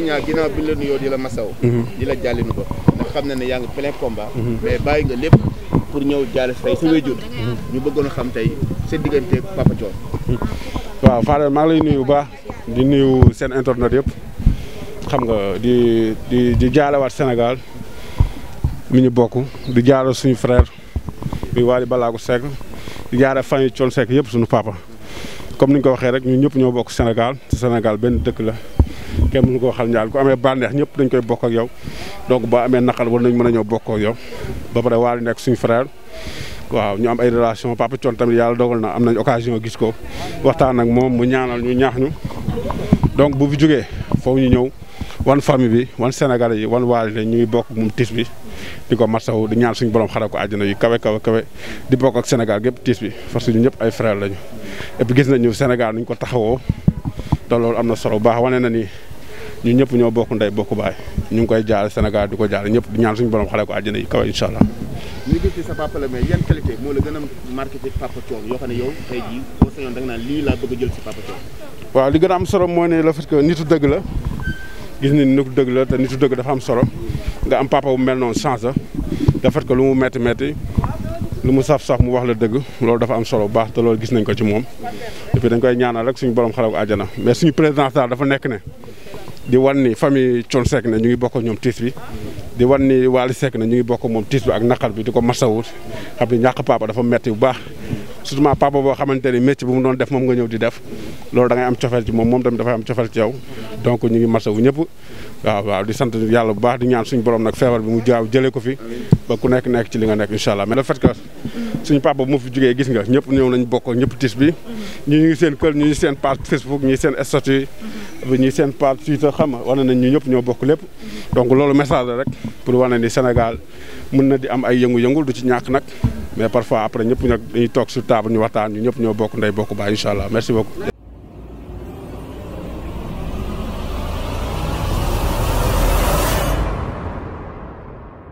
Boy Niang ginnaaw bi la nuyoo di la masaw mhm. di la jàllinu ko xam na ne yaa ngi plein combat mhm. mais bàyyi nga lépp pour ñëw jaale say sa ñu bëggoon xam tey sa diggante Papa mhm. waaw Fadel maa ngi bu baax di nuyu seen internet yëpp nga di di di jaalewaat Sénégal mi ñu bokk di jaale suñu frère muy Wally Ballago Seck di jaare famille Thione Seck yëpp suñu papa comme ni ko waxee rek ñu ñëpp ñoo bokk senegal te Sénégal benn dëkk la kenn mënu koo xal ñaar ku amee bànneex ñëpp dañ koy bokk ak yow donc ba amee naqar war nañ mën a ñëw bokk ak yow ba pare Wally nekk suñu frère waaw ñu am ay relation Papa Thione tamit yàlla dogal na am nañ occasion gis ko waxtaan ak moom mu ñaanal ñu ñaax ñu donc bu jógee foofu ñu ñëw wan famille bi wan Sénégalais yi wan Wally ñu ngi bokk moom tiis bi di ko masawu di ñaan suñu borom xara ko àjjana yu kawe kawe kawe di bokk ak Sénégal tiis bi parce que ñëpp ay frère lañu et puis gis nañu Sénégal nuñ ko taxawoo te loolu am na solo bu baax wane na ni ñu ñëpp ñoo bokk ndey bokk baay ñu ngi koy jaal Sénégal di ko jaar ñëpp di ñaan suñu borom xale ko àjjana yi kaw incha allah. ñu gis ci sa papa la mais yan a marqué ci papa Thione yoo xam waaw li gën a am solo mooy ne le fait que nitu dëgg la gis ni nitu dëgg la te nitu dëgg dafa am solo nga am papa bu mel noonu chance la le fait lu mu metti metti lu mu saf saf mu wax la dëgg loolu dafa am solo bu baax te loolu gis nañ ko ci moom et dañ koy ñaanal rek suñu borom xale ko àjjana mais suñu présidence dafa nekk ne di wan ni famille Thione Seck na ñu ngi bokk ñoom tiis bi di wan ni Wally Seck na ñu ngi bokk moom tiis bi ak naqar bi di ko masawut xam ni ñàkk papa dafa metti bu baax surtout ma papa boo xamante ni métier bu mu doon def moom nga ñëw di def loolu da am cofeel ci moom moom tamit dafay am cofeel ci yow donc ñu ngi masawu ñëpp waaw waaw di sant yàlla bu baax di ñaan suñu borom nag feebar bi mu jaaw jëlee ko fi ba ku nekk nekk ci li nga nekk incha allah mais le fait que suñu bu mu fi jógee gis nga ñëpp ñëw nañ bokk ñëpp tis bi ñu ngi seen kër ñu ngi seen page Facebook ñu seen statut bi ñu seen page Twitter xam nga wane nañ ñu ñëpp ñoo bokk lépp donc loolu message rek pour wane ni Sénégal mën na di am ay yëngu du ci ñàkk nag mais parfois après ñëpp nag dañuy toog sur table ñu waxtaan ñu ñëpp ñoo bokk ndey bokk baay incha merci beaucoup.